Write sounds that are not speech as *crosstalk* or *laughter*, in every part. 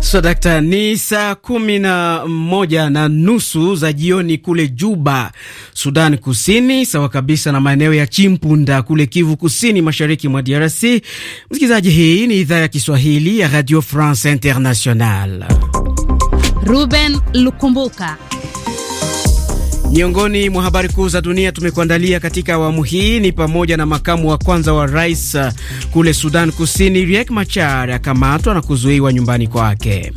So, dakta, ni saa kumi na moja na nusu za jioni kule Juba, Sudan Kusini, sawa kabisa na maeneo ya Chimpunda kule Kivu Kusini, mashariki mwa DRC. Msikilizaji, hii ni idhaa ya Kiswahili ya Radio France International. Ruben Lukumbuka Miongoni mwa habari kuu za dunia tumekuandalia katika awamu hii ni pamoja na makamu wa kwanza wa rais uh, kule Sudan Kusini Riek Machar akamatwa na kuzuiwa nyumbani kwake.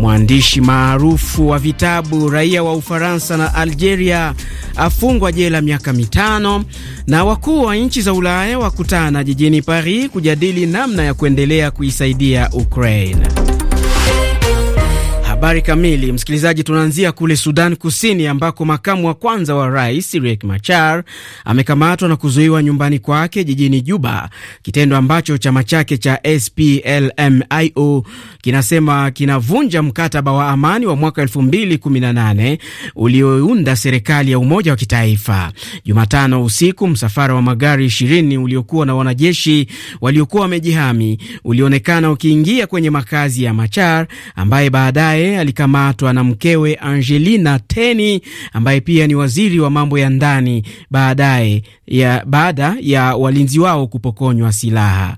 Mwandishi maarufu wa vitabu raia wa Ufaransa na Algeria afungwa jela miaka mitano, na wakuu wa nchi za Ulaya wakutana jijini Paris kujadili namna ya kuendelea kuisaidia Ukraine. Habari kamili, msikilizaji, tunaanzia kule Sudan Kusini ambako makamu wa kwanza wa rais Riek Machar amekamatwa na kuzuiwa nyumbani kwake jijini Juba, kitendo ambacho chama chake cha SPLMIO kinasema kinavunja mkataba wa amani wa mwaka 2018 uliounda serikali ya umoja wa kitaifa. Jumatano usiku, msafara wa magari 20 uliokuwa na wanajeshi waliokuwa wamejihami ulionekana ukiingia kwenye makazi ya Machar ambaye baadaye alikamatwa na mkewe Angelina Teny ambaye pia ni waziri wa mambo ya ndani baadaye ya baada ya walinzi wao kupokonywa silaha.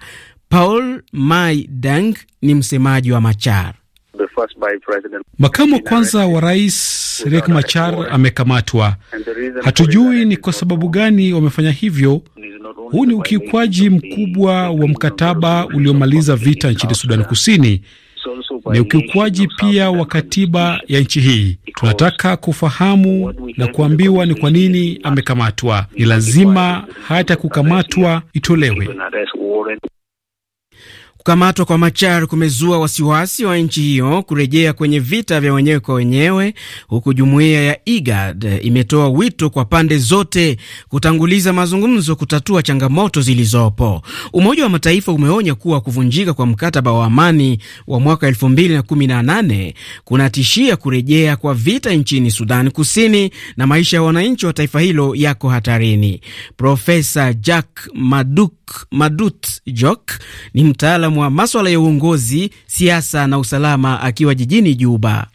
Paul Mai Dang ni msemaji wa Machar. Makamu wa kwanza wa rais Riek Machar amekamatwa. Hatujui ni kwa sababu gani wamefanya hivyo. Huu ni ukiukwaji mkubwa wa mkataba uliomaliza vita nchini Sudani Kusini. Ni ukiukwaji pia wa katiba ya nchi hii. Tunataka kufahamu na kuambiwa ni kwa nini amekamatwa. Ni lazima hata kukamatwa itolewe. Kukamatwa kwa Machar kumezua wasiwasi wa nchi hiyo kurejea kwenye vita vya wenyewe kwa wenyewe, huku jumuiya ya IGAD imetoa wito kwa pande zote kutanguliza mazungumzo kutatua changamoto zilizopo. Umoja wa Mataifa umeonya kuwa kuvunjika kwa mkataba wa amani wa mwaka 2018 kunatishia kurejea kwa vita nchini Sudan Kusini na maisha ya wananchi wa taifa hilo yako hatarini. Profesa Jack Maduk, Madut Jok ni mtaalam mtaalamu wa maswala ya uongozi, siasa na usalama akiwa jijini Juba.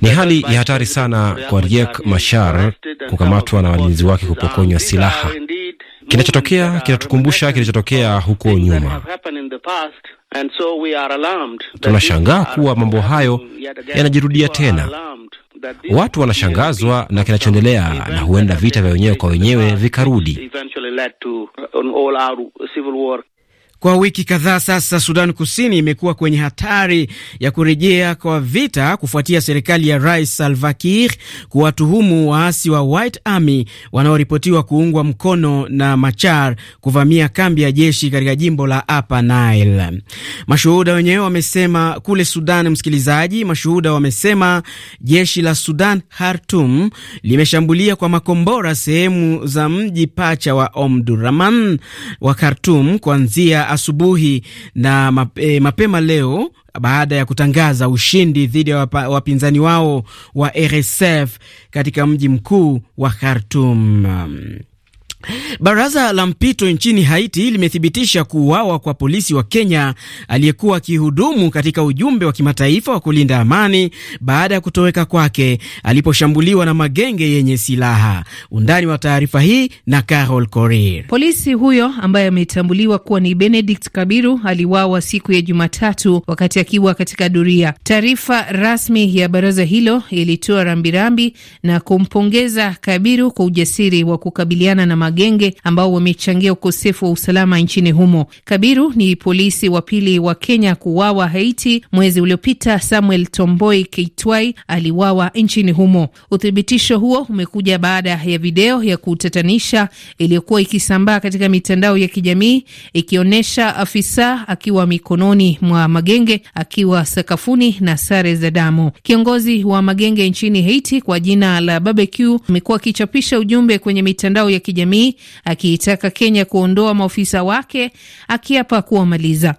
Ni hali ya hatari sana kwa Riek Machar kukamatwa na walinzi wake kupokonywa silaha. Kinachotokea kinatukumbusha kilichotokea huko nyuma. Tunashangaa kuwa mambo hayo yanajirudia tena. Watu wanashangazwa na kinachoendelea, na huenda vita vya wenyewe kwa wenyewe vikarudi. Kwa wiki kadhaa sasa, Sudan Kusini imekuwa kwenye hatari ya kurejea kwa vita kufuatia serikali ya Rais Salva Kiir kuwatuhumu waasi wa White Army wanaoripotiwa kuungwa mkono na Machar kuvamia kambi ya jeshi katika jimbo la Upper Nile. Mashuhuda wenyewe wamesema kule Sudan, msikilizaji, mashuhuda wamesema jeshi la Sudan Khartoum limeshambulia kwa makombora sehemu za mji pacha wa Omdurman wa Khartoum kuanzia asubuhi na eh, mapema leo baada ya kutangaza ushindi dhidi ya wapinzani wao wa RSF katika mji mkuu wa Khartoum. Baraza la mpito nchini Haiti limethibitisha kuuawa kwa polisi wa Kenya aliyekuwa akihudumu katika ujumbe wa kimataifa wa kulinda amani baada ya kutoweka kwake aliposhambuliwa na magenge yenye silaha. Undani wa taarifa hii na Carol Korir. Polisi huyo ambaye ametambuliwa kuwa ni Benedict Kabiru aliwawa siku ya Jumatatu wakati akiwa katika duria Taarifa rasmi ya baraza hilo ilitoa rambirambi na kumpongeza Kabiru kwa ujasiri wa kukabiliana na magenge ambao wamechangia ukosefu wa usalama nchini humo. Kabiru ni polisi wa pili wa Kenya kuwawa Haiti mwezi uliopita. Samuel Tomboi Keitwai aliwawa nchini humo. Uthibitisho huo umekuja baada ya video ya kutatanisha iliyokuwa ikisambaa katika mitandao ya kijamii ikionyesha afisa akiwa mikononi mwa magenge akiwa sakafuni na sare za damu. Kiongozi wa magenge nchini Haiti kwa jina la Barbecue amekuwa akichapisha ujumbe kwenye mitandao ya kijamii Magharibi akiitaka Kenya kuondoa maofisa wake, akiapa kuwamaliza.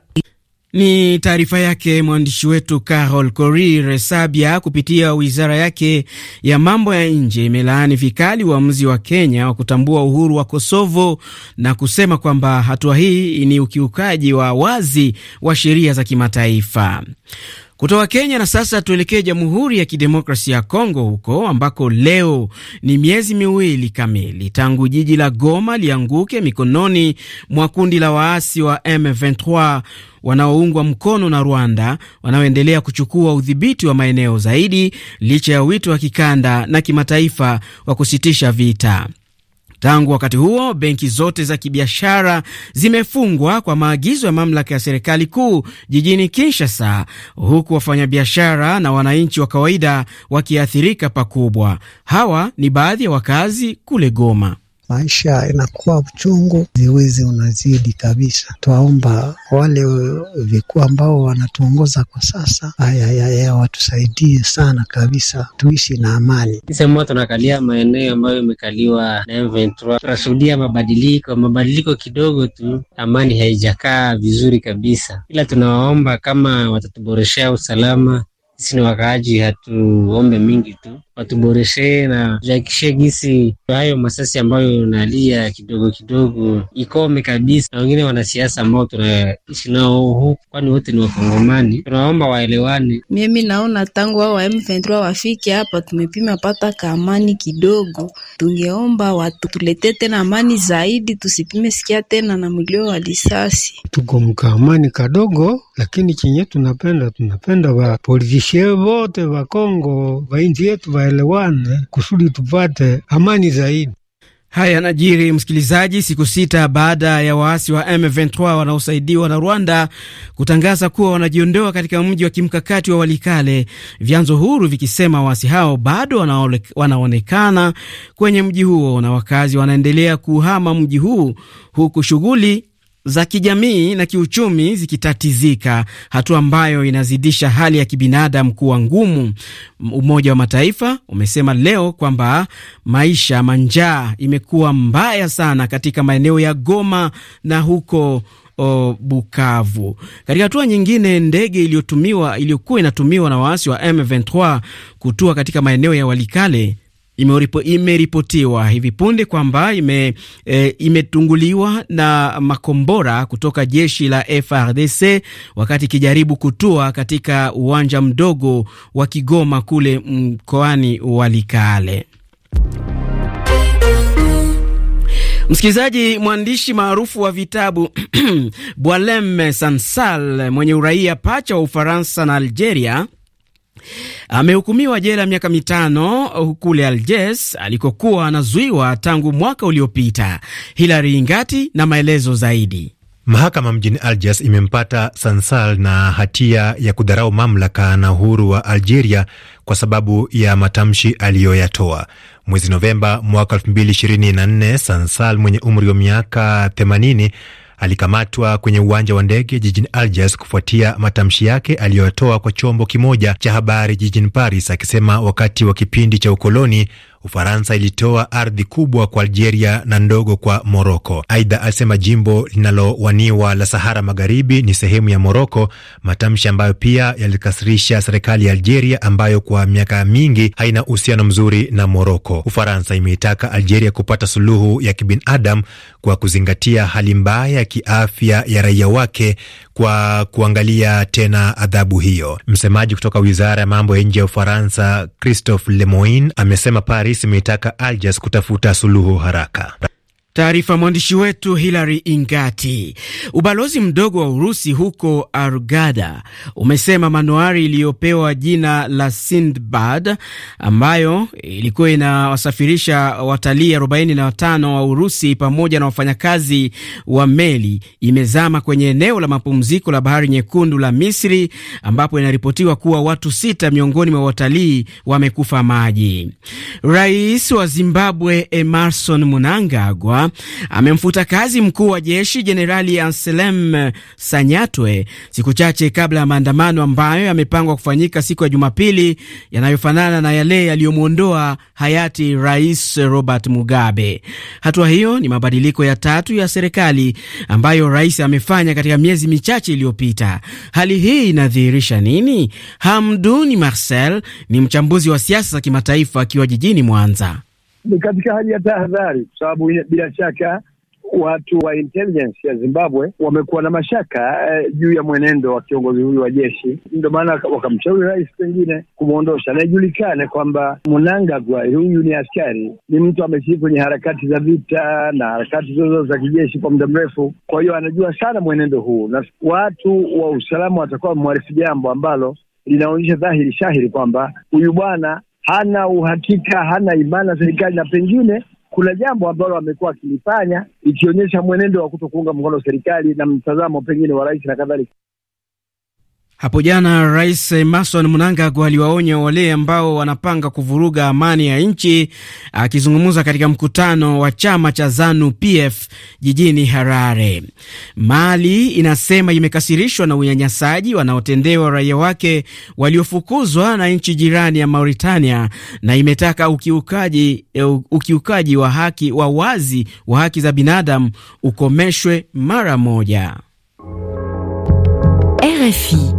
Ni taarifa yake mwandishi wetu Carol Korir. Sabia kupitia wizara yake ya mambo ya nje imelaani vikali uamuzi wa, wa Kenya wa kutambua uhuru wa Kosovo na kusema kwamba hatua hii ni ukiukaji wa wazi wa sheria za kimataifa kutoka Kenya. Na sasa tuelekee Jamhuri ya Kidemokrasia ya Kongo, huko ambako leo ni miezi miwili kamili tangu jiji la Goma lianguke mikononi mwa kundi la waasi wa M23 wanaoungwa mkono na Rwanda wanaoendelea kuchukua udhibiti wa maeneo zaidi licha ya wito wa kikanda na kimataifa wa kusitisha vita. Tangu wakati huo, benki zote za kibiashara zimefungwa kwa maagizo ya mamlaka ya serikali kuu jijini Kinshasa, huku wafanyabiashara na wananchi wa kawaida wakiathirika pakubwa. Hawa ni baadhi ya wakazi kule Goma maisha inakuwa uchungu, ziwezi unazidi kabisa. Twaomba wale vikuu ambao wanatuongoza kwa sasa, haya watusaidie sana kabisa, tuishi na amani. Sisi tunakalia maeneo ambayo imekaliwa na M23 tunashuhudia mabadiliko mabadiliko kidogo tu, amani haijakaa vizuri kabisa, ila tunawaomba kama watatuboreshea usalama. Sisi ni wakaaji, hatuombe mingi tu watuboreshe na jakishe gisi hayo masasi ambayo nalia kidogo kidogo ikome kabisa, na wengine wanasiasa ambao tunaishi nao huku, kwani wote ni Wakongomani, tunaomba waelewane. Mimi naona tangu wao wa M23 wafike hapa, tumepima pata kaamani kidogo. Tungeomba watu tuletee tena amani zaidi, tusipime sikia tena na mlio wa lisasi, Tuko mkaamani kadogo, lakini chenye tunapenda tunapenda wapolitishe wote wa Kongo wa inji yetu wa tukaelewane kusudi tupate amani zaidi. Haya yanajiri msikilizaji, siku sita baada ya waasi wa M23 wanaosaidiwa na Rwanda kutangaza kuwa wanajiondoa katika mji wa kimkakati wa Walikale, vyanzo huru vikisema waasi hao bado wanaonekana kwenye mji huo na wakazi wanaendelea kuhama mji huu, huku shughuli za kijamii na kiuchumi zikitatizika, hatua ambayo inazidisha hali ya kibinadamu kuwa ngumu. Umoja wa Mataifa umesema leo kwamba maisha manjaa imekuwa mbaya sana katika maeneo ya Goma na huko o Bukavu. Katika hatua nyingine, ndege iliyotumiwa iliyokuwa inatumiwa na waasi wa M23 kutua katika maeneo ya Walikale imeripotiwa ime hivi punde kwamba ime, e, imetunguliwa na makombora kutoka jeshi la frdc wakati ikijaribu kutua katika uwanja mdogo wa Kigoma kule mkoani wa Likale. Msikilizaji, mwandishi maarufu wa vitabu *clears throat* Bwalem Sansal mwenye uraia pacha wa Ufaransa na Algeria Amehukumiwa jela miaka mitano kule Algiers alikokuwa anazuiwa tangu mwaka uliopita. Hilary Ingati na maelezo zaidi. Mahakama mjini Algiers imempata Sansal na hatia ya kudharau mamlaka na uhuru wa Algeria kwa sababu ya matamshi aliyoyatoa mwezi Novemba mwaka 2024. Sansal mwenye umri wa miaka alikamatwa kwenye uwanja wa ndege jijini Algiers kufuatia matamshi yake aliyoyatoa kwa chombo kimoja cha habari jijini Paris, akisema wakati wa kipindi cha ukoloni Ufaransa ilitoa ardhi kubwa kwa Algeria na ndogo kwa Moroko. Aidha, alisema jimbo linalowaniwa la Sahara Magharibi ni sehemu ya Moroko, matamshi ambayo pia yalikasirisha serikali ya Algeria ambayo kwa miaka mingi haina uhusiano mzuri na Moroko. Ufaransa imeitaka Algeria kupata suluhu ya kibinadamu kwa kuzingatia hali mbaya ya kiafya ya raia wake kwa kuangalia tena adhabu hiyo. Msemaji kutoka wizara ya mambo ya nje ya Ufaransa, Christophe Lemoine, amesema Paris imeitaka Algiers kutafuta suluhu haraka. Taarifa mwandishi wetu Hilary Ingati. Ubalozi mdogo wa Urusi huko argada umesema manuari iliyopewa jina la Sindbad, ambayo ilikuwa inawasafirisha watalii 45 wa Urusi pamoja na wafanyakazi wa meli, imezama kwenye eneo la mapumziko la Bahari Nyekundu la Misri, ambapo inaripotiwa kuwa watu sita miongoni mwa watalii wamekufa maji. Rais wa Zimbabwe Emerson Mnangagwa amemfuta kazi mkuu wa jeshi Jenerali Anselm Sanyatwe siku chache kabla ya maandamano ambayo yamepangwa kufanyika siku ya Jumapili yanayofanana na yale yaliyomwondoa hayati Rais Robert Mugabe. Hatua hiyo ni mabadiliko ya tatu ya serikali ambayo rais amefanya katika miezi michache iliyopita. Hali hii inadhihirisha nini? Hamduni Marcel ni mchambuzi wa siasa za kimataifa akiwa jijini Mwanza ni katika hali ya tahadhari, kwa sababu bila shaka watu wa intelligence ya Zimbabwe wamekuwa na mashaka eh, juu ya mwenendo wa kiongozi huyu wa jeshi. Ndio maana wakamshauri rais pengine kumwondosha, na ijulikane kwamba Mnangagwa huyu ni askari, ni mtu ameshiriki kwenye harakati za vita na harakati zote za kijeshi kwa muda mrefu. Kwa hiyo anajua sana mwenendo huu, na watu wa usalama watakuwa wamwarifu jambo ambalo linaonyesha dhahiri shahiri kwamba huyu bwana hana uhakika, hana imani na serikali, na pengine kuna jambo ambalo amekuwa akilifanya ikionyesha mwenendo wa kuto kuunga mkono serikali na mtazamo pengine wa rais na kadhalika. Hapo jana Rais Emmerson Mnangagwa aliwaonya wale ambao wanapanga kuvuruga amani ya nchi, akizungumza katika mkutano wa chama cha ZANU PF jijini Harare. Mali inasema imekasirishwa na unyanyasaji wanaotendewa raia wake waliofukuzwa na nchi jirani ya Mauritania na imetaka ukiukaji, e, ukiukaji wa haki wa wazi wa haki za binadamu ukomeshwe mara moja. RFI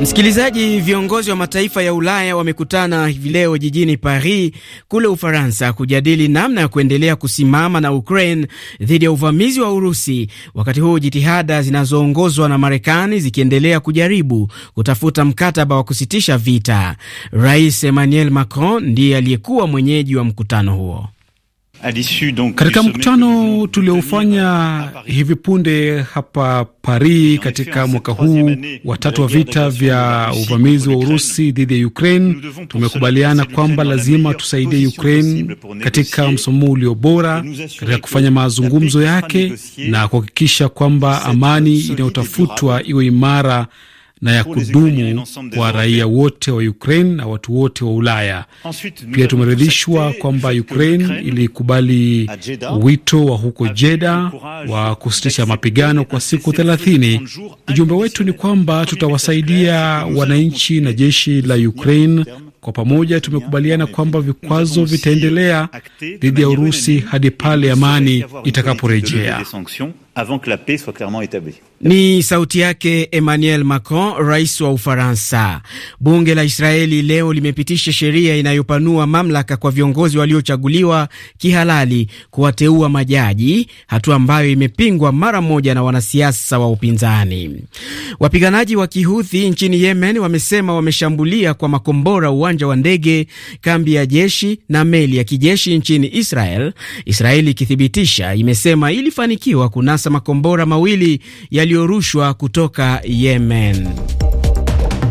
Msikilizaji, viongozi wa mataifa ya Ulaya wamekutana hivi leo jijini Paris kule Ufaransa kujadili namna ya kuendelea kusimama na Ukraine dhidi ya uvamizi wa Urusi, wakati huu jitihada zinazoongozwa na Marekani zikiendelea kujaribu kutafuta mkataba wa kusitisha vita. Rais Emmanuel Macron ndiye aliyekuwa mwenyeji wa mkutano huo. Katika mkutano tuliofanya hivi punde hapa Paris katika mwaka huu watatu wa vita vya uvamizi wa Urusi dhidi ya Ukraine, tumekubaliana kwamba lazima tusaidie Ukraine katika msomo ulio bora katika kufanya mazungumzo yake na kuhakikisha kwamba amani inayotafutwa iwe imara na ya kudumu kwa raia wote wa Ukraine na watu wote wa Ulaya. Pia tumeridhishwa kwamba Ukraine ilikubali wito wa huko Jeda wa kusitisha mapigano kwa siku thelathini. Ujumbe wetu ni kwamba tutawasaidia wananchi na jeshi la Ukraine. Kwa pamoja tumekubaliana kwamba vikwazo vitaendelea dhidi ya Urusi hadi pale amani itakaporejea avant que la paix soit clairement établie. Ni sauti yake Emmanuel Macron, rais wa Ufaransa. Bunge la Israeli leo limepitisha sheria inayopanua mamlaka kwa viongozi waliochaguliwa kihalali kuwateua majaji, hatua ambayo imepingwa mara moja na wanasiasa wa upinzani. Wapiganaji wa kihuthi nchini Yemen wamesema wameshambulia kwa makombora uwanja wa ndege, kambi ya jeshi na meli ya kijeshi nchini Israel. Israeli ikithibitisha imesema ilifanikiwa kunasa makombora mawili yaliyorushwa kutoka Yemen.